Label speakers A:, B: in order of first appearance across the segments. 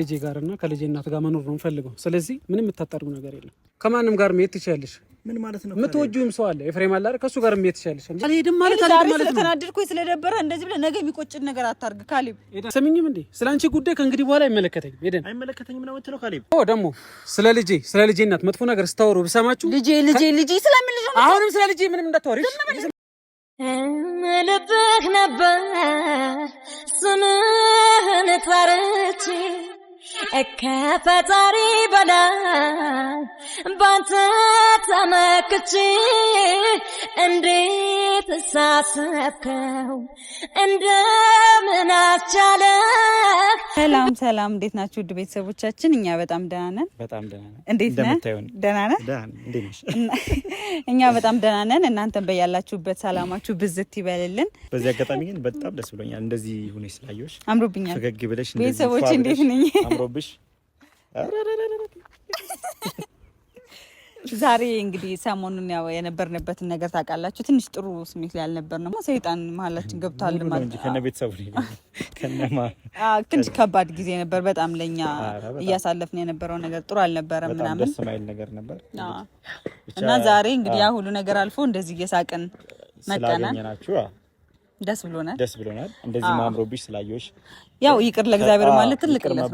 A: ልጄ ጋር እና ከልጄ እናት ጋር መኖር ነው የምፈልገው። ስለዚህ ምንም የምታጠርጉ ነገር የለም። ከማንም ጋር መሄድ ትችያለሽ። ምን ማለት ነው? የምትወጂውም ሰው አለ ኤፍሬም አለ አይደል? ከእሱ ጋር መሄድ ትችያለሽ።
B: አልሄድም ማለት
C: አልሄድም ማለት ነው። ተናድድኩኝ ስለደበረ እንደዚህ ብለህ ነገ የሚቆጭን ነገር አታርግ ካሌብ።
A: ስምኝም እንዴ ስለ አንቺ ጉዳይ ከእንግዲህ በኋላ አይመለከተኝም። ሄደን
B: አይመለከተኝም ነው የምትለው ካሌብ?
A: ኦ ደግሞ ስለ ልጄ ስለ ልጄ እናት መጥፎ ነገር ስታወሩ ብሰማችሁ
C: ልጄ ልጄ ልጄ ስለምን ነው?
A: አሁንም ስለ ልጄ ምንም እንዳታወሪ ልብህ ነበር ስምህን ጠርቼ ከፈጣሪ በላይ
C: ባንተ ተመክቼ እንዴት ሳሰብከው እንደምን አስቻለ። ሰላም ሰላም፣ እንዴት ናችሁ ውድ ቤተሰቦቻችን? እኛ በጣም ደህና ነን። በጣም ደህና ነን። ደህና ነህ? እኛ በጣም ደህና ነን። እናንተን በያላችሁበት ሰላማችሁ ብዝት ይበልልን።
A: በዚህ አጋጣሚ ግን በጣም ደስ ብሎኛል እንደዚህ ሁኔ ስላየሁሽ፣ አምሮብኛል። ፈገግ ብለሽ
C: ቤተሰቦች እንዴት ነኝ አምሮብሽ። ዛሬ እንግዲህ ሰሞኑን ያው የነበርንበትን ነገር ታውቃላችሁ። ትንሽ ጥሩ ስሜት ላይ አልነበርንም። ነው። ሰይጣን መሀላችን ገብቷል ማለት ትንሽ ከባድ ጊዜ ነበር። በጣም ለእኛ እያሳለፍን የነበረው ነገር ጥሩ አልነበረም
A: ምናምን ደስ ማይል ነገር ነበር
C: እና ዛሬ እንግዲህ ያ ሁሉ ነገር አልፎ እንደዚህ እየሳቅን መጠናል። ደስ ብሎናል፣
A: ደስ ብሎናል። እንደዚህ ማምሮብሽ ስላየሁሽ
C: ያው ይቅር ለእግዚአብሔር ማለት ትልቅ ነው።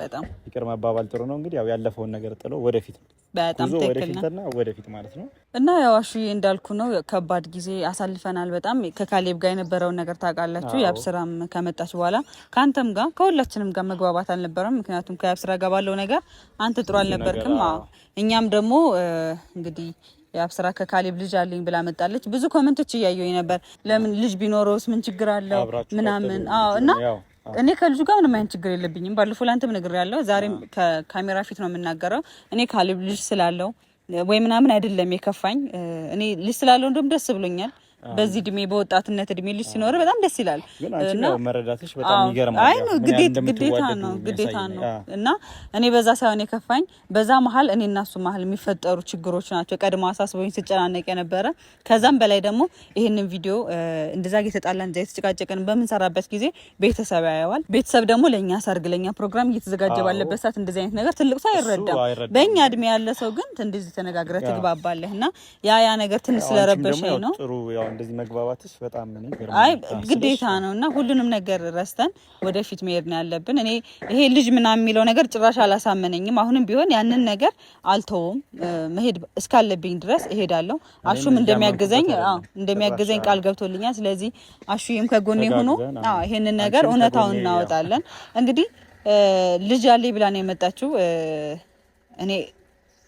C: በጣም
A: ይቅር መባባል ጥሩ ነው። እንግዲህ ያው ያለፈውን ነገር ጥሎ ወደፊት በጣም ትክክልና ወደፊት ማለት ነው
C: እና ያው አሹ እንዳልኩ ነው። ከባድ ጊዜ አሳልፈናል። በጣም ከካሌብ ጋር የነበረውን ነገር ታውቃላችሁ። የአብስራም ከመጣች በኋላ ከአንተም ጋር ከሁላችንም ጋር መግባባት አልነበረም። ምክንያቱም ከአብስራ ጋር ባለው ነገር አንተ ጥሩ አልነበርክም። እኛም ደግሞ እንግዲህ የአብስራ ከካሌብ ልጅ አለኝ ብላ መጣለች። ብዙ ኮመንቶች እያየኝ ነበር። ለምን ልጅ ቢኖረውስ ምን ችግር አለው ምናምን። እና እኔ ከልጁ ጋር ምንም አይነት ችግር የለብኝም። ባለፈው ላንተም ነግሬያለሁ። ዛሬም ከካሜራ ፊት ነው የምናገረው። እኔ ካሌብ ልጅ ስላለው ወይ ምናምን አይደለም የከፋኝ። እኔ ልጅ ስላለው እንደውም ደስ ብሎኛል። በዚህ እድሜ በወጣትነት እድሜ ልጅ ሲኖር በጣም ደስ ይላል።
A: መረዳትሽ በጣም ይገርማል።
C: ግዴታ ነው ግዴታ ነው እና እኔ በዛ ሳይሆን የከፋኝ በዛ መሀል እኔ እና እሱ መሀል የሚፈጠሩ ችግሮች ናቸው። ቀድሞ አሳስበኝ ስጨናነቅ የነበረ ከዛም በላይ ደግሞ ይህንን ቪዲዮ እንደዛ እየተጣላ እንደዛ የተጨቃጨቅን በምንሰራበት ጊዜ ቤተሰብ ያየዋል። ቤተሰብ ደግሞ ለእኛ ሰርግ፣ ለእኛ ፕሮግራም እየተዘጋጀ ባለበት ሰዓት እንደዚህ አይነት ነገር ትልቅ ሰው አይረዳም። በእኛ እድሜ ያለ ሰው ግን እንደዚህ ተነጋግረ ትግባባለህ እና ያ ያ ነገር ትንሽ ስለረበሸኝ ነው
A: እንደዚህ መግባባትሽ በጣም
C: አይ ግዴታ ነው እና ሁሉንም ነገር ረስተን ወደፊት መሄድ ነው ያለብን። እኔ ይሄ ልጅ ምናምን የሚለው ነገር ጭራሽ አላሳመነኝም። አሁንም ቢሆን ያንን ነገር አልተውም። መሄድ እስካለብኝ ድረስ እሄዳለሁ። አሹም እንደሚያገዘኝ እንደሚያገዘኝ ቃል ገብቶልኛል። ስለዚህ አሹም ከጎኔ ሆኖ ይሄንን ነገር እውነታውን እናወጣለን። እንግዲህ ልጅ ያለኝ ብላ ነው የመጣችው እኔ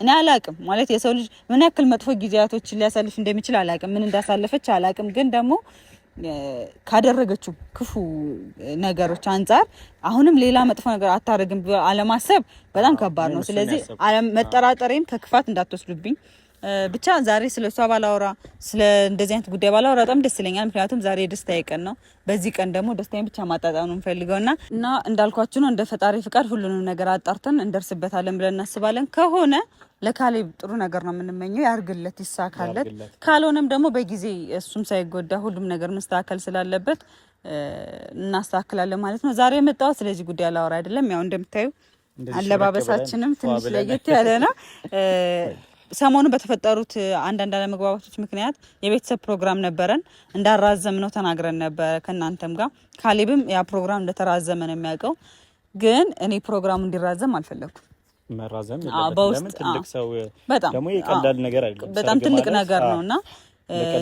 C: እኔ አላቅም ማለት የሰው ልጅ ምን ያክል መጥፎ ጊዜያቶችን ሊያሳልፍ እንደሚችል አላቅም። ምን እንዳሳለፈች አላቅም። ግን ደግሞ ካደረገችው ክፉ ነገሮች አንጻር አሁንም ሌላ መጥፎ ነገር አታደርግም አለማሰብ በጣም ከባድ ነው። ስለዚህ መጠራጠሬን ከክፋት እንዳትወስዱብኝ። ብቻ ዛሬ ስለ እሷ ባላወራ ስለ እንደዚህ አይነት ጉዳይ ባላወራ በጣም ደስ ይለኛል። ምክንያቱም ዛሬ የደስታ ቀን ነው። በዚህ ቀን ደግሞ ደስታዬን ብቻ ማጣጣም ነው የምፈልገው እና እና እንዳልኳችሁ ነው እንደ ፈጣሪ ፍቃድ ሁሉንም ነገር አጣርተን እንደርስበታለን ብለን እናስባለን። ከሆነ ለካሌብ ጥሩ ነገር ነው የምንመኘው፣ ያርግለት፣ ይሳካለት። ካልሆነም ደግሞ በጊዜ እሱም ሳይጎዳ ሁሉም ነገር መስተካከል ስላለበት እናስተካክላለን ማለት ነው። ዛሬ የመጣሁት ስለዚህ ጉዳይ ላወራ አይደለም። ያው እንደምታዩ አለባበሳችንም ትንሽ ለየት ያለ ነው። ሰሞኑ በተፈጠሩት አንዳንድ አለመግባባቶች ምክንያት የቤተሰብ ፕሮግራም ነበረን እንዳራዘም ነው ተናግረን ነበረ። ከእናንተም ጋር ካሊብም ያ ፕሮግራም እንደተራዘመ ነው የሚያውቀው። ግን እኔ ፕሮግራሙ እንዲራዘም አልፈለግኩም። መራዘም በጣም ትልቅ ነገር ነው እና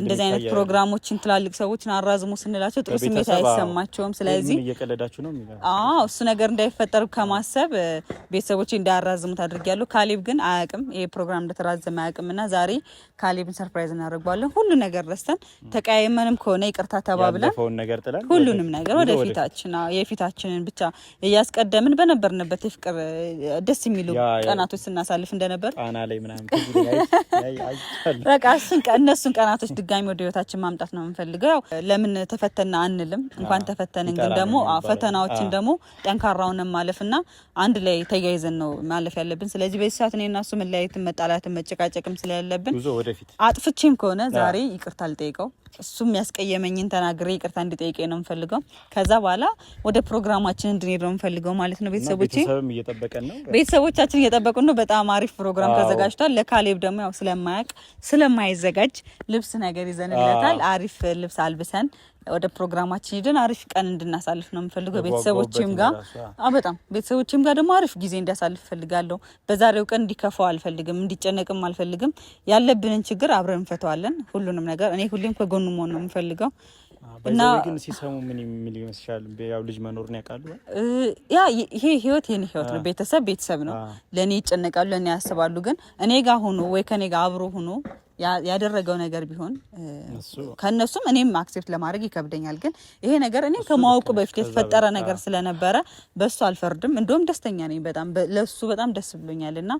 C: እንደዚህ አይነት ፕሮግራሞችን ትላልቅ ሰዎችን አራዝሙ ስንላቸው ጥሩ ስሜት አይሰማቸውም። ስለዚህ
A: እየቀለዳችሁ ነው።
C: አዎ እሱ ነገር እንዳይፈጠር ከማሰብ ቤተሰቦች እንዳያራዝሙት አድርጊያለሁ። ካሌብ ግን አያውቅም፣ ይሄ ፕሮግራም እንደተራዘመ አያውቅም። እና ዛሬ ካሌብን ሰርፕራይዝ እናደርገዋለን። ሁሉ ነገር ረስተን ተቀያይመንም ከሆነ ይቅርታ ተባብለን ሁሉንም ነገር ወደፊታችን የፊታችንን ብቻ እያስቀደምን በነበርንበት የፍቅር ደስ የሚሉ ቀናቶች ስናሳልፍ እንደነበር በቃ እነሱን ህጻናቶች ድጋሚ ወደ ህይወታችን ማምጣት ነው የምንፈልገው። ያው ለምን ተፈተና አንልም፣ እንኳን ተፈተንን። ግን ደግሞ ፈተናዎችን ደግሞ ጠንካራውንም ማለፍ ማለፍና አንድ ላይ ተያይዘን ነው ማለፍ ያለብን። ስለዚህ በዚህ ሰዓት እኔ እና እሱ መለያየትን፣ መጣላትን፣ መጨቃጨቅም ስለሌለብን አጥፍቼም ከሆነ ዛሬ ይቅርታ ልጠይቀው እሱም ያስቀየመኝን ተናግሬ ይቅርታ እንዲጠይቀ ነው የምፈልገው። ከዛ በኋላ ወደ ፕሮግራማችን እንድንሄድ ነው የምፈልገው ማለት ነው። ቤተሰቦቼ ቤተሰቦቻችን እየጠበቁ ነው። በጣም አሪፍ ፕሮግራም ተዘጋጅቷል። ለካሌብ ደግሞ ያው ስለማያቅ ስለማይዘጋጅ ልብስ ነገር ይዘንለታል። አሪፍ ልብስ አልብሰን ወደ ፕሮግራማችን ሄደን አሪፍ ቀን እንድናሳልፍ ነው የምፈልገው። ቤተሰቦችም ጋር በጣም ቤተሰቦችም ጋር ደግሞ አሪፍ ጊዜ እንዲያሳልፍ ፈልጋለሁ። በዛሬው ቀን እንዲከፋው አልፈልግም፣ እንዲጨነቅም አልፈልግም። ያለብንን ችግር አብረን እንፈተዋለን። ሁሉንም ነገር እኔ ሁሌም ከጎኑ መሆን ነው የምፈልገው። እና ግን ሲሰሙ ምን የሚል ይመስልሻል? ያው ልጅ መኖርን ያውቃሉ። ያ ይሄ ህይወት የኔ ህይወት ነው። ቤተሰብ ቤተሰብ ነው። ለእኔ ይጨነቃሉ፣ ለእኔ ያስባሉ። ግን እኔ ጋር ሆኖ ወይ ከእኔ ጋር አብሮ ሆኖ ያደረገው ነገር ቢሆን ከእነሱም እኔም አክሴፕት ለማድረግ ይከብደኛል። ግን ይሄ ነገር እኔም ከማወቁ በፊት የተፈጠረ ነገር ስለነበረ በሱ አልፈርድም። እንደውም ደስተኛ ነኝ። በጣም ለሱ በጣም ደስ ብሎኛል እና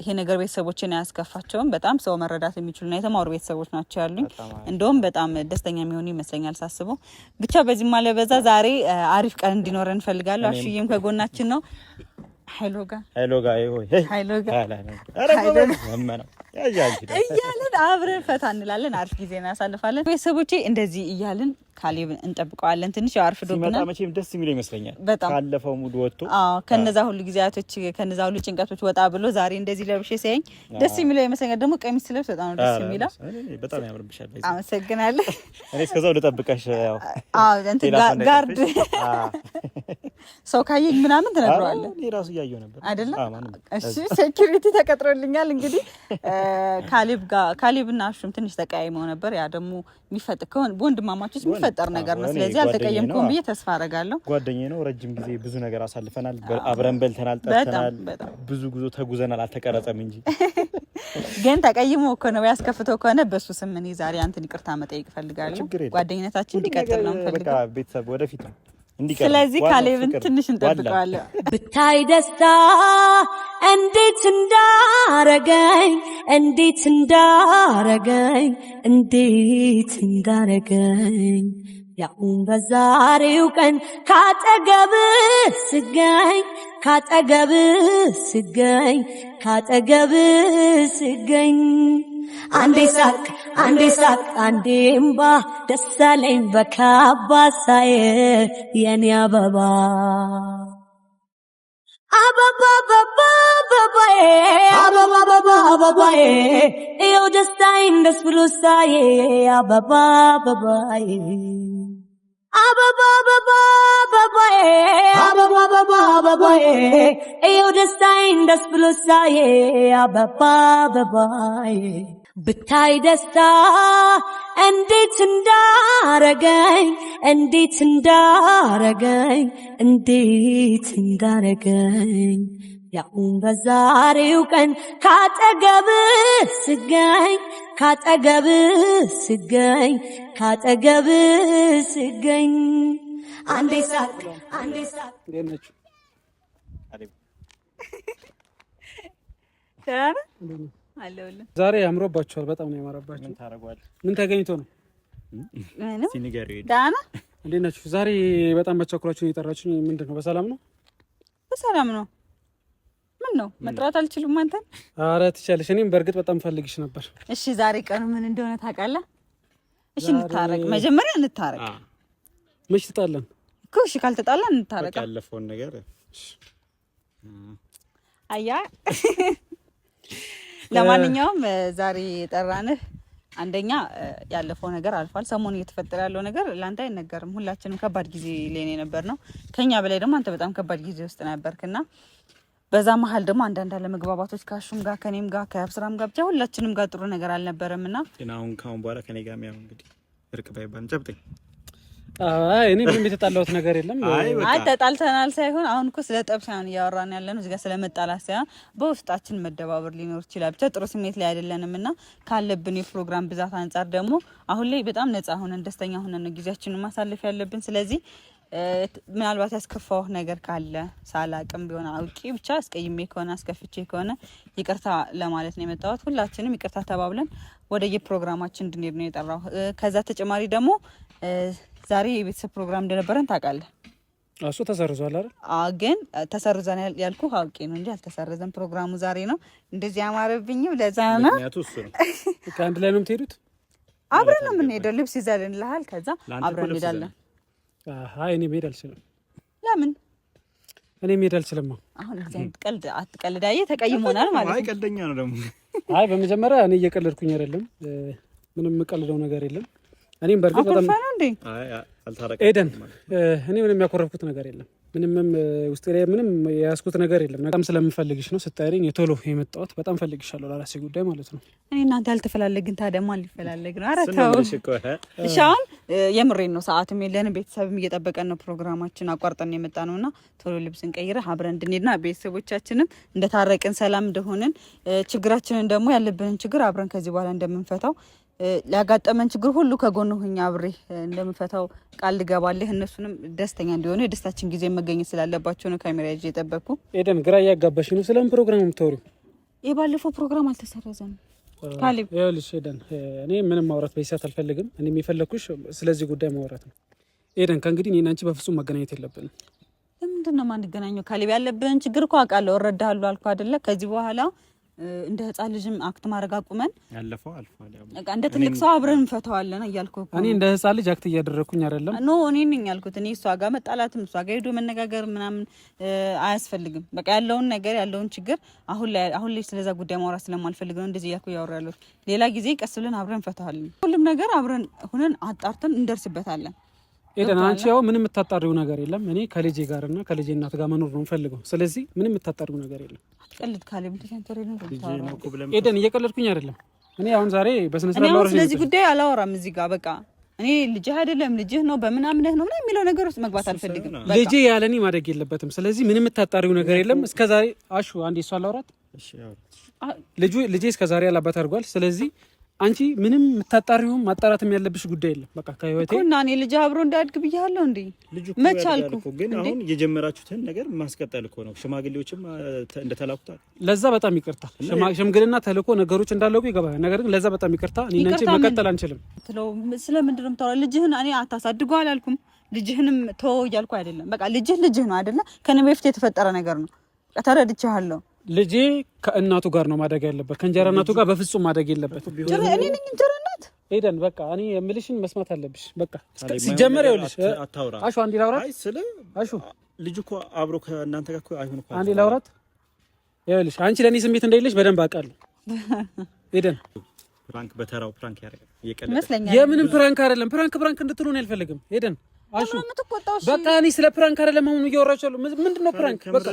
C: ይሄ ነገር ቤተሰቦችን አያስከፋቸውም። በጣም ሰው መረዳት የሚችሉና የተማሩ ቤተሰቦች ናቸው ያሉኝ። እንደውም በጣም ደስተኛ የሚሆኑ ይመስለኛል ሳስበው። ብቻ በዚህም አለበዛ ዛሬ አሪፍ ቀን እንዲኖረ እንፈልጋለሁ። አሹዬም ከጎናችን ነው። ሀይሎጋ ሀይሎጋ ሀይሎጋ እያልን አብረን ፈታ እንላለን። አሪፍ ጊዜ እናሳልፋለን። ቤተሰቦቼ እንደዚህ እያልን ካሌብ እንጠብቀዋለን። ትንሽ አርፍ ዶብና መቼም ደስ የሚለው ይመስለኛል። በጣም ካለፈው ሙድ ወጥቶ ከነዛ ሁሉ ጊዜያቶች ከነዛ ሁሉ ጭንቀቶች ወጣ ብሎ ዛሬ እንደዚህ ለብሼ ሲያየኝ ደስ የሚለው ይመስለኛል። ደግሞ ቀሚስ ስለብስ በጣም ነው ደስ የሚለው። በጣም ያምርብሻል። አመሰግናለሁ። እኔ እስከዛው ልጠብቀሽ። ጋርድ ሰው ካየኝ ምናምን ትነግረዋለህ። ራሱ እያየሁ ነበር አይደለም። ሴኪሪቲ ተቀጥሮልኛል እንግዲህ ካሌብ ጋር ካሊብ እና አሹም ትንሽ ተቀያይመው ነበር። ያ ደግሞ የሚፈጥ ከሆነ በወንድማማቾች የሚፈጠር ነገር ነው። ስለዚህ አልተቀየምኩም ብዬ ተስፋ አደርጋለሁ። ጓደኛዬ ነው። ረጅም ጊዜ ብዙ ነገር አሳልፈናል። አብረን በልተናል፣ ጠጥተናል፣ ብዙ ጉዞ ተጉዘናል። አልተቀረጸም እንጂ ግን ተቀይሞ እኮ ነው ያስከፍተው ከሆነ በእሱ ስም እኔ ዛሬ አንተን ይቅርታ መጠየቅ እፈልጋለሁ። ጓደኝነታችን እንዲቀጥል ነው ፈልጋ ቤተሰብ ወደፊት ነው ስለዚህ ካሌብን ትንሽ እንጠብቀዋለን። ብታይ ደስታ እንዴት እንዳረገኝ እንዴት እንዳረገኝ እንዴት እንዳረገኝ ያሁን በዛሬው ቀን ካጠገብ ስገኝ ካጠገብ ስገኝ ካጠገብ ስገኝ አንዴ ሳቅ አንዴ ሳቅ አንዴ እምባ ደሳለኝ በካባ ሳየ የኔ አበባ አበባ አበባ አበባዬ አበባ አበባ አበባዬ ይኸው ደስታዬን ደስ ብሎ ሳየ አበባ አበባዬ አበባ አበባ አበባዬ አበባ አበባ አበባዬ ይኸው ደስታዬን ደስ ብሎ ሳየ አበባ አበባዬ ብታይ ደስታ እንዴት እንዳረገኝ እንዴት እንዳረገኝ እንዴት እንዳረገኝ ያሁን በዛሬው ቀን ካጠገብ ስገኝ ካጠገብ ስገኝ ካጠገብ ስገኝ አንዴ ሳቅ አንዴ ሳቅ ደህና ዛሬ አምሮባችኋል። በጣም ነው ያማረባችሁ። ምን ተገኝቶ ነው? ደህና እንዴት ናችሁ? ዛሬ በጣም በቸኩላችሁ ነው የጠራችሁኝ። ምንድን ነው? በሰላም ነው? በሰላም ነው። ምን ነው መጥራት አልችልም አንተን? አረ ትቻለሽ። እኔም በእርግጥ በጣም ፈልግሽ ነበር። እሺ ዛሬ ቀኑ ምን እንደሆነ ታውቃለህ? እሺ እንታረቅ፣ መጀመሪያ እንታረቅ። መች ትጣለን እሺ ካልተጣላን እንታረቅ። ያለፈውን ነገር አያ ለማንኛውም ዛሬ የጠራንህ አንደኛ ያለፈው ነገር አልፏል። ሰሞኑ እየተፈጠረ ያለው ነገር ለአንተ አይነገርም። ሁላችንም ከባድ ጊዜ ላይ ነበር ነው ከኛ በላይ ደግሞ አንተ በጣም ከባድ ጊዜ ውስጥ ነበርክና በዛ መሀል ደግሞ አንዳንድ አለመግባባቶች ከአሹም ጋር ከኔም ጋር ከአብስራም ጋር ብቻ ሁላችንም ጋር ጥሩ ነገር አልነበረም እና ግን አሁን ከአሁን በኋላ ከኔ ጋር ሚያ እንግዲህ እርቅ ባይባል ጨብጠኝ እኔ ምንም የተጣላሁት ነገር የለም። አይ ተጣልተናል ሳይሆን አሁን እኮ ስለ ጠብ ሳይሆን እያወራን ያለ ነው እዚህ ጋር ስለ ሳይሆን በውስጣችን መደባበር ሊኖር ይችላል። ብቻ ጥሩ ስሜት ላይ አይደለንም እና ካለብን የፕሮግራም ብዛት አንጻር ደግሞ አሁን ላይ በጣም ነጻ ሆነን ደስተኛ ሆነን ነው ጊዜያችንን ማሳለፍ ያለብን። ስለዚህ ምናልባት ያስከፋው ነገር ካለ ሳላቅም ቢሆን አውቂ ብቻ አስቀይሜ ከሆነ አስከፍቼ ከሆነ ይቅርታ ለማለት ነው የመጣሁት። ሁላችንም ይቅርታ ተባብለን ወደ የፕሮግራማችን እንድንሄድ ነው የጠራው። ከዛ ተጨማሪ ደግሞ ዛሬ የቤተሰብ ፕሮግራም እንደነበረን ታውቃለህ። እሱ ተሰርዟል አይደል? ግን ተሰርዟል ያልኩ አውቄ ነው እንጂ አልተሰረዘም። ፕሮግራሙ ዛሬ ነው። እንደዚህ አማረብኝም ለዛ ነው። ከአንድ ላይ ነው የምትሄዱት? አብረን ነው የምንሄደው። ልብስ ይዘልን ልሃል። ከዛ አብረን እንሄዳለን። እኔ መሄድ አልችልም። ለምን? እኔ መሄድ አልችልም። አሁን ቀልድ አትቀልዳዬ፣ ተቀይሞናል ማለት ነው። ቀልደኛ ነው ደግሞ። አይ በመጀመሪያ እኔ እየቀለድኩኝ አይደለም። ምንም የምቀልደው ነገር የለም እኔም በእርግጥ በጣም ኤደን፣ እኔ ምንም ያኮረፍኩት ነገር የለም። ምንምም ውስጥ ላይ ምንም የያዝኩት ነገር የለም። በጣም ስለምፈልግሽ ነው ስታይልኝ የቶሎ የመጣሁት። በጣም ፈልግሻለሁ ለራሴ ጉዳይ ማለት ነው። እኔ እናንተ ያልተፈላለግን ታዲያ ማን ሊፈላለግ ነው? ኧረ ተው እሺ። አሁን የምሬን ነው፣ ሰዓትም የለንም፣ ቤተሰብም እየጠበቀን ነው። ፕሮግራማችን አቋርጠን የመጣ ነው እና ቶሎ ልብስን ቀይረ አብረን እንድንሄድና ቤተሰቦቻችንም እንደታረቅን ሰላም እንደሆንን ችግራችንን ደግሞ ያለብንን ችግር አብረን ከዚህ በኋላ እንደምንፈታው ሊያጋጠመን ችግር ሁሉ ከጎን ሁኛ አብሬ እንደምፈታው ቃል ልገባልህ። እነሱንም ደስተኛ እንዲሆኑ የደስታችን ጊዜ መገኘት ስላለባቸው ነው ካሜራ ይዤ የጠበቅኩ። ኤደን ግራ እያጋባሽ ነው። ስለምን ፕሮግራም የምታወሪው? የባለፈው ፕሮግራም አልተሰረዘም። ካሌብ ይኸውልሽ ኤደን፣ እኔ ምንም ማውራት በይሳት አልፈልግም። እኔ የሚፈለግኩሽ ስለዚህ ጉዳይ ማውራት ነው። ኤደን፣ ከእንግዲህ እኔና አንቺ በፍጹም መገናኘት የለብንም። ለምንድን ነው ማንገናኘው? ካሌብ፣ ያለብን ችግር እኮ አውቃለሁ፣ እረዳሃለሁ አልኩ አይደለ? ከዚህ በኋላ እንደ ህፃን ልጅም አክት ማድረግ አቁመን እንደ ትልቅ ሰው አብረን እንፈተዋለን እያልኩ እኔ እንደ ህፃን ልጅ አክት እያደረግኩኝ አይደለም። ኖ እኔ ነኝ ያልኩት። እኔ እሷ ጋር መጣላትም እሷ ጋር ሄዶ መነጋገር ምናምን አያስፈልግም። በቃ ያለውን ነገር ያለውን ችግር አሁን ላይ አሁን ላይ ስለዛ ጉዳይ ማውራት ስለማልፈልግ ነው እንደዚህ እያልኩ እያወራ ያለሁት። ሌላ ጊዜ ቀስ ብለን አብረን እንፈተዋለን። ሁሉም ነገር አብረን ሁነን አጣርተን እንደርስበታለን። ኤደን አንቺ ያው ምንም የምታጣሪው ነገር የለም። እኔ ከልጄ ጋር እና ከልጄ እናት ጋር መኖር ነው የምፈልገው። ስለዚህ ምንም የምታጣሪው ነገር የለም። ኤደን እየቀለድኩኝ አይደለም። እኔ አሁን ዛሬ በስነ ስርዓት ስለዚህ ጉዳይ አላወራም እዚህ ጋር በቃ እኔ ልጅህ አይደለም ልጅህ ነው በምናምነህ ነው የሚለው ነገር ውስጥ መግባት አልፈልግም። ልጄ ያለኔ ማደግ የለበትም። ስለዚህ ምንም የምታጣሪው ነገር የለም። እስከዛሬ አሹ አንዴ እሷ አላወራት ልጄ እስከዛሬ ያላባት አድርጓል። ስለዚህ አንቺ ምንም የምታጣሪውም ማጣራትም ያለብሽ ጉዳይ የለም። በቃ ከህይወቴ እና እኔ ልጅ አብሮ እንዳያድግ ብያለሁ። እንዲ ልጁ መቻልኩ ግን አሁን የጀመራችሁትን ነገር ማስቀጠል እኮ ነው። ሽማግሌዎችም እንደተላኩታል። ለዛ በጣም ይቅርታ። ሽምግልና ተልኮ ነገሮች እንዳለቁ ይገባል። ነገር ግን ለዛ በጣም ይቅርታ። እኔ አንቺ መቀጠል አንችልም። ስለምንድን ነው የምታወራው? ልጅህን እኔ አታሳድጎ አላልኩም። ልጅህንም ተወው እያልኩ አይደለም። በቃ ልጅህ ልጅህ ነው አይደለ? ከኔ በፊት የተፈጠረ ነገር ነው። ተረድቻለሁ። ልጄ ከእናቱ ጋር ነው ማደግ ያለበት። ከእንጀራ እናቱ ጋር በፍጹም ማደግ የለበት። እኔ ነኝ እንጀራ እናት ኤደን። በቃ እኔ የምልሽን መስማት አለብሽ። በቃ ሲጀመር ይኸውልሽ፣ አሹ አንዴ ላውራት። አሹ ልጅ እኮ አብሮ ከእናንተ ጋር አይሆን። አንዴ ላውራት። ይኸውልሽ አንቺ ለእኔ ስሜት እንደሌለሽ በደንብ አውቃለሁ ኤደን ፕራንክ በተራው ፕራንክ ያደርጋል። የምንም ፕራንክ አይደለም። ፕራንክ ፕራንክ እንድትሉን አልፈልግም ኤደን አሹ በቃ እኔ ስለ ፕራንክ አይደለም አሁን እያወራችሁ ያለው ምንድን ነው ፕራንክ? በቃ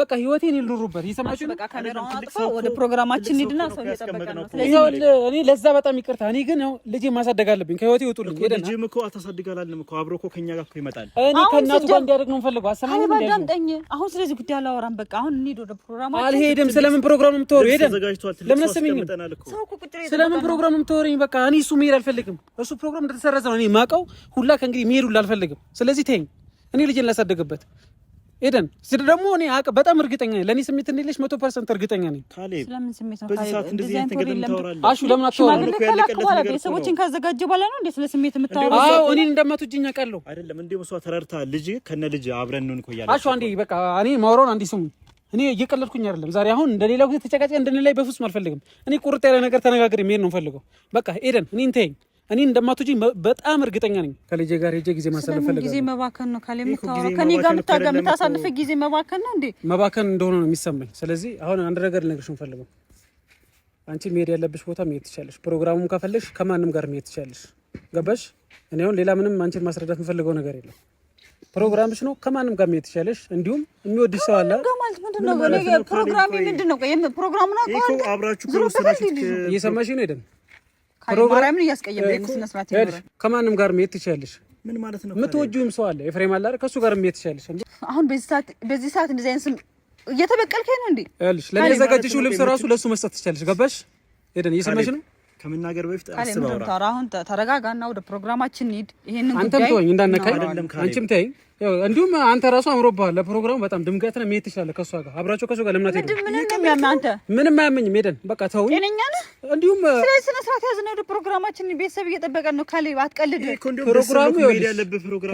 C: በቃ ህይወቴን ይልሩበት ይሰማችሁ። በቃ ወደ ፕሮግራማችን ሂድና ሰው እየጠበቀ ነው። እኔ ለዛ በጣም ይቅርታ። እኔ ግን ያው ልጄ ማሳደግ አለብኝ። ከህይወቴ ይወጡልኝ። ልጄም እኮ አታሳድግ እኮ አብሮ እኮ ከኛ ጋር እኮ ይመጣል። እኔ ከእናቱ ጋር እንዲያደግ ነው የምፈልገው። አሰማኝ ዳምጠኝ። አሁን ስለዚህ ጉዳይ አላወራም። በቃ አሁን እንሂድ ወደ ፕሮግራማችን። አልሄድም። ስለምን ፕሮግራም ነው ሄደን ለምን አሰሚኝ? ስለምን ፕሮግራም ነው በቃ እኔ እሱ መሄድ አልፈልግም። እሱ ፕሮግራም እንደተሰረዘ ነው እኔ የማውቀው ሁላ ከእንግዲህ መሄድ ሁላ አልፈልግም። ስለዚህ ተይኝ፣ እኔ ልጄን ላሳደግበት ኤደን ስድ ደግሞ እኔ አቅ በጣም እርግጠኛ ነኝ። ለእኔ ስሜት እንደሌለሽ መቶ ፐርሰንት እርግጠኛ ነኝ። አሹ? ለምን አታወራለህ? ቤተሰቦችን ካዘጋጀ በኋላ ነው እንዴ ስለ ስሜት የምታወራው? አዎ እኔን እንደማትወጂኝ አውቃለሁ። አይደለም እንዴ እሷ ተረድታ ልጅ ከነ ልጅ አብረን ነው እንቆያለን። አሹ አንዴ በቃ እኔ ማውራውን አንዴ ስሙ። እኔ እየቀለድኩኝ አይደለም። ዛሬ አሁን እንደሌላው ጊዜ ተጨቃጭ እንደሌላ በፍጹም አልፈልግም። እኔ ቁርጥ ያለ ነገር ተነጋግሬ መሄድ ነው ፈልገው። በቃ ኤደን እኔን ተይኝ እኔ እንደማትወጂ በጣም እርግጠኛ ነኝ። ከልጄ ጋር ሄጄ ጊዜ ማሳለፍ ፈልጋለሁ። ጊዜ መባከን ነው ካለ የምታወራው ከኔ ጋር የምታሳልፈ ጊዜ መባከን ነው እንዴ? መባከን እንደሆነ ነው የሚሰማኝ። ስለዚህ አሁን አንድ ነገር ልነግርሽ የምፈልገው አንቺ መሄድ ያለብሽ ቦታ መሄድ ትችያለሽ። ፕሮግራሙም ከፈለግሽ ከማንም ጋር መሄድ ትችያለሽ። ገባሽ? እኔ አሁን ሌላ ምንም አንቺን ማስረዳት የምፈልገው ነገር የለም። ፕሮግራምሽ ነው። ከማንም ጋር መሄድ ትችያለሽ። እንዲሁም የሚወድሽ ሰው አለ። ፕሮግራሜ ምንድን ነው? ፕሮግራሙን አብራችሁ እየሰማሽ ነው። ማርያምን እያስቀየመኝ ስነ ስርዓት ይኖራል። ከማንም ጋር መሄድ ትችያለሽ። ምን ማለት ነው? የምትወጂውም ሰው አለ ኤፍሬም አለ አይደል? ከእሱ ጋር መሄድ ትችያለሽ። አሁን በዚህ ሰዓት በዚህ ሰዓት እንደዚህ አይነት ስም እየተበቀልከኝ ነው እንዴ? ይኸውልሽ ለእኔ ያዘጋጀሽው ልብስ ራሱ ለእሱ መስጠት ትችያለሽ። ገባሽ? ሄደን እየሰማሽ ነው ከመናገር በፊት አስብ። አሁን ተረጋጋና ወደ ፕሮግራማችን እንሂድ። ይሄንን ጉዳይ አንተም ተወኝ እንዳነካኝ አንቺም ተይኝ እንዲሁም አንተ ራሱ አምሮብሃል። ለፕሮግራሙ በጣም ድምቀት ነው። መሄድ ትችላለህ ከእሷ ጋር አብራቸው ከእሷ ጋር ለምን አትሄድም? ምንም አያመኝም። ሄደን በቃ ተውኝ። እንዲሁም ስለዚህ ስነ ስርዓት ያዝነው ወደ ፕሮግራማችን ቤተሰብ እየጠበቀን ነው። ካሌብ አትቀልድ። ፕሮግራሙ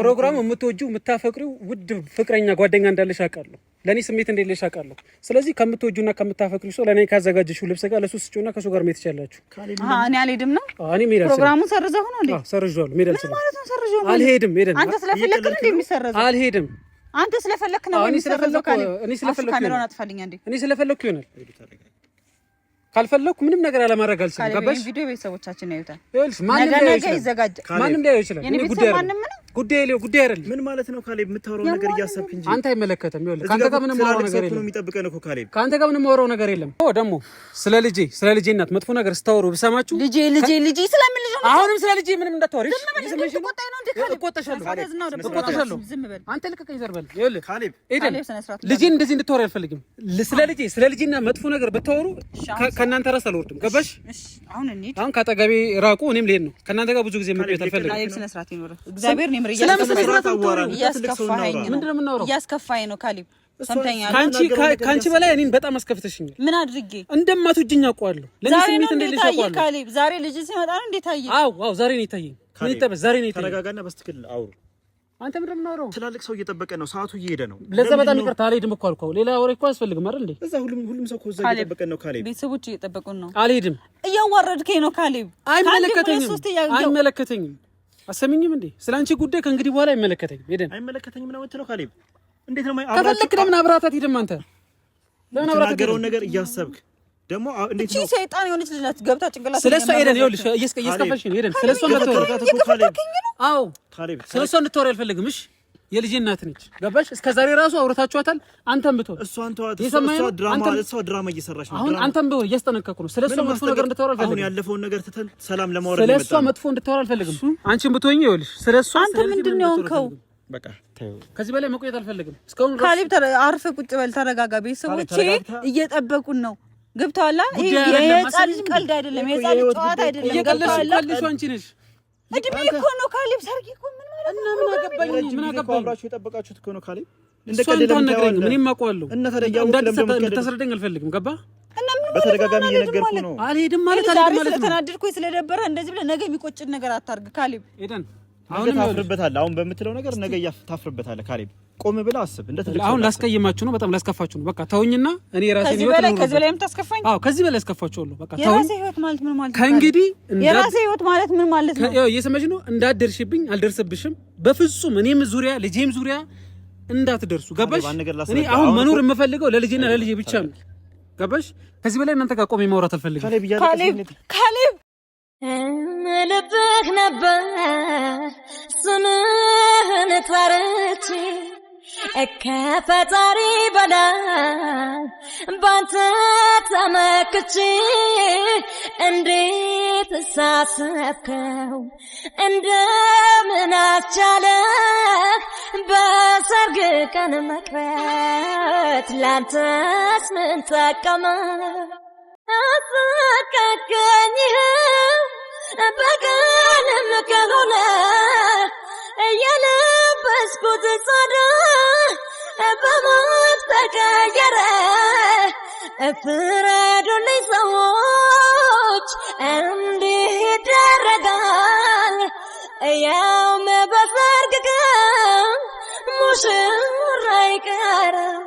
C: ፕሮግራሙ የምትወጂው የምታፈቅሪው ውድ ፍቅረኛ ጓደኛ እንዳለሽ አውቃለሁ። ለእኔ ስሜት እንደሌለሽ አውቃለሁ። ስለዚህ ከምትወጂውና ከምታፈቅሪው ሰው ለእኔ ካዘጋጀሽው ልብስ ጋር ለሱ ስጪውና ከእሱ ጋር መሄድ ትችላላችሁ። እኔ አልሄድም ነው ፕሮግራሙን ሰርዘው ነው ሰርዣለሁ። አልሄድም። አንተ ስለፈለክ ነው እንደሚሰረዝ አልሄድም። አንተ ስለፈለክ ነው። እኔ ስለፈለኩ እኔ ስለፈለኩ ካሜራውን አጥፋልኝ እንዴ! እኔ ስለፈለኩ ይሆናል። ካልፈለኩ ምንም ነገር አለማድረግ አልችልም። ገባሽ? ቪዲዮ ቤተሰቦቻችን ያዩታል። ይኸውልሽ ማንም ላይ ይዘጋጅ፣ ማንም ላይ ይችላል። እኔ ጉዳይ ማንም ጉዳይ ሌው ጉዳይ አይደለም። ምን ማለት ነው ካሌብ? የምታወራው ነገር እያሰብክ እንጂ አንተ አይመለከተም። ይኸውልህ ከአንተ ጋር ምንም የማወራው ነገር የለም። የሚጠብቀን እኮ ካሌብ፣ ከአንተ ጋር ምንም የማወራው ነገር የለም። ኦ ደግሞ ስለ ልጄ ስለ ልጄ እናት መጥፎ ነገር ስታወሩ ብሰማችሁ ልጄ ልጄ ልጄ ስለምን ልጅ ነው? አሁንም ስለ ልጄ ምንም እንዳታወሪ እሺ። እቆጣሻለሁ። አንተ ልቀቀኝ፣ ዘር በል። ይኸውልህ ካሌብ፣ ኤደን ልጄን እንደዚህ እንድታወሪ አልፈልግም። ስለ ልጄ ስለ ልጄ እና መጥፎ ነገር ብታወሩ ከእናንተ ራስ አልወርድም። ገባሽ? አሁን ከአጠገቤ ራቁ። እኔም ልሄድ ነው። ከእናንተ ጋር ብዙ ጊዜ መቆየት አልፈልግም። የምር እያስከፋኝ ነው ካሊብ ከአንቺ በላይ እኔን በጣም አስከፍተሽኛል። ምን አድርጌ እንደማትወጂኝ አውቀዋለሁ። ለእኔ ዛሬ ነው ትላልቅ ሰው እየጠበቀ ነው፣ ሰዓቱ እየሄደ ነው። ለዛ በጣም ይቅርታ። አልሄድም እኮ ሌላ ወሬ እኮ አያስፈልግም አይደል እዛ ሁሉም ሁሉም ሰው እኮ እዛ እየጠበቀ ነው። ካሌብ ቤተሰቦች እየጠበቁን ነው። አልሄድም። እያዋረድከኝ ነው ካሌብ። አይመለከተኝም፣ አይመለከተኝም አሰሚኝም እንዴ? ስለ አንቺ ጉዳይ ከእንግዲህ በኋላ አይመለከተኝም። ሄደን አይመለከተኝም ነው የምትለው ካሌብ? እንዴት ነው ከፈለክ ለምን አብራታት ሄደም? አንተ ለምን አብራታት ሄደም? ነገር እያሰብክ ደግሞ እንዴት ነው? ሰይጣን የሆነች ልጅ ናት ገብታ ጭንቅላት ስለሷ ሄደን ይኸውልሽ፣ እየስቀየስከፈልሽ ነው ሄደን ስለሷ እንድትወሪ አልፈልግም። እሺ የልጅ እናት ነች። ገባሽ? እስከ ዛሬ ራሱ አውርታችኋታል። አንተም ብትሆን እሷን ተዋት። እሷ ድራማ ድራማ እየሰራች ነው። አሁን አንተም ብትሆን እያስጠነቀኩ ነው። ስለሷ መጥፎ ነገር እንድታወራ አልፈልግም። አሁን ያለፈውን ነገር ትተን ሰላም ለማውራት ነው። ስለሷ መጥፎ እንድታወራ አልፈልግም። አንቺም ብትሆኝ ይኸውልሽ፣ ስለሷ አንተ ምንድን ነው የሆንከው? በቃ ከዚህ በላይ መቆየት አልፈልግም። እስካሁን ካሌብ አርፈ ቁጭ በል፣ ተረጋጋ። ቤተሰቦቼ እየጠበቁን ነው። ገብተዋላ። ይሄ የህፃን ቀልድ አይደለም፣ የህፃን ልጅ ጨዋታ አይደለም። ነሽ። እድሜ እኮ ነው ካሊብ ሰርግ እኮ እና ምን አገባኝ? ምን አገባኝ? አብራችሁ የጠበቃችሁት እኮ ነው ካለኝ እንደ ቀልድ አልነግረኝም። እኔም አውቀዋለሁ እና ተደያው እንድታስረዳኝ አልፈልግም። ገባ በተደጋጋሚ እየነገርኩህ ነው። አልሄድም ማለት አልሄድም ማለት ነው። ስለተናደድኩኝ ስለደበረ እንደዚህ ብለህ ነገ የሚቆጭን ነገር አታርግ ካሌብ ኤደን አሁን ታፍርበታለህ። አሁን በምትለው ነገር ነገ ታፍርበታለህ። ካሌብ ቆም ብለህ አስብ። እንደ ትልቅ አሁን ላስቀይማችሁ ነው፣ በጣም ላስከፋችሁ ነው። በቃ ተውኝና እኔ ራሴ ከዚህ በላይ ከዚህ በላይ የምታስከፋኝ? አዎ ከዚህ በላይ አስከፋችኋለሁ። በቃ ተውኝ። የራሴ ህይወት ማለት ምን ማለት ነው? ከእንግዲህ የራሴ ህይወት ማለት ምን ማለት ነው? እየሰማሽ ነው? እንዳትደርሽብኝ፣ አልደርስብሽም። በፍጹም እኔም ዙሪያ ልጄም ዙሪያ እንዳትደርሱ። ገባሽ? እኔ አሁን መኖር የምፈልገው ለልጄና ለልጄ ብቻ ነው። ገባሽ? ከዚህ በላይ እናንተ ጋር ቆሜ ማውራት አልፈልግም። ካሌብ ካሌብ ልብህ ነበር ስምህን ጠርቼ ከፈጣሪ በላይ ባንተ ተመክቼ እንዴት ሳሰብከው እንደምን አስቻለ በሰርግ ቀን መቅረት ላንተስ ምን ጠቀመ አፈቀቀኝህ በቀልም ከሆነ እየለበስኩት ጸዳ በሞት ተቀየረ። ፍረዱልኝ ሰዎች እንዲህ ይደረጋል። ያውም በሰርግ ቀን ሙሽራ ይቀራል።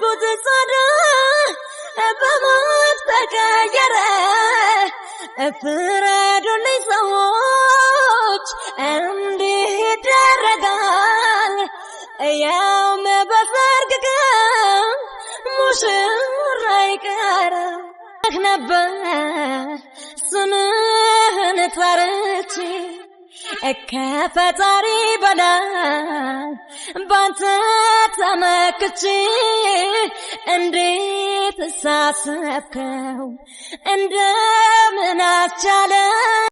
C: ያሰብኩት ጽኑ በሞት ተቀየረ። ፍረዱልኝ ሰዎች እንዲህ ይደረጋል። ያውም በሰርግ ቀን ሙሽራ ይቀራል። ነበር ስምህን ጠርቼ ከፈጣሪ በላይ ባንተ ተመክቼ እንዴት ሳሰብከው እንደምን አስቻለ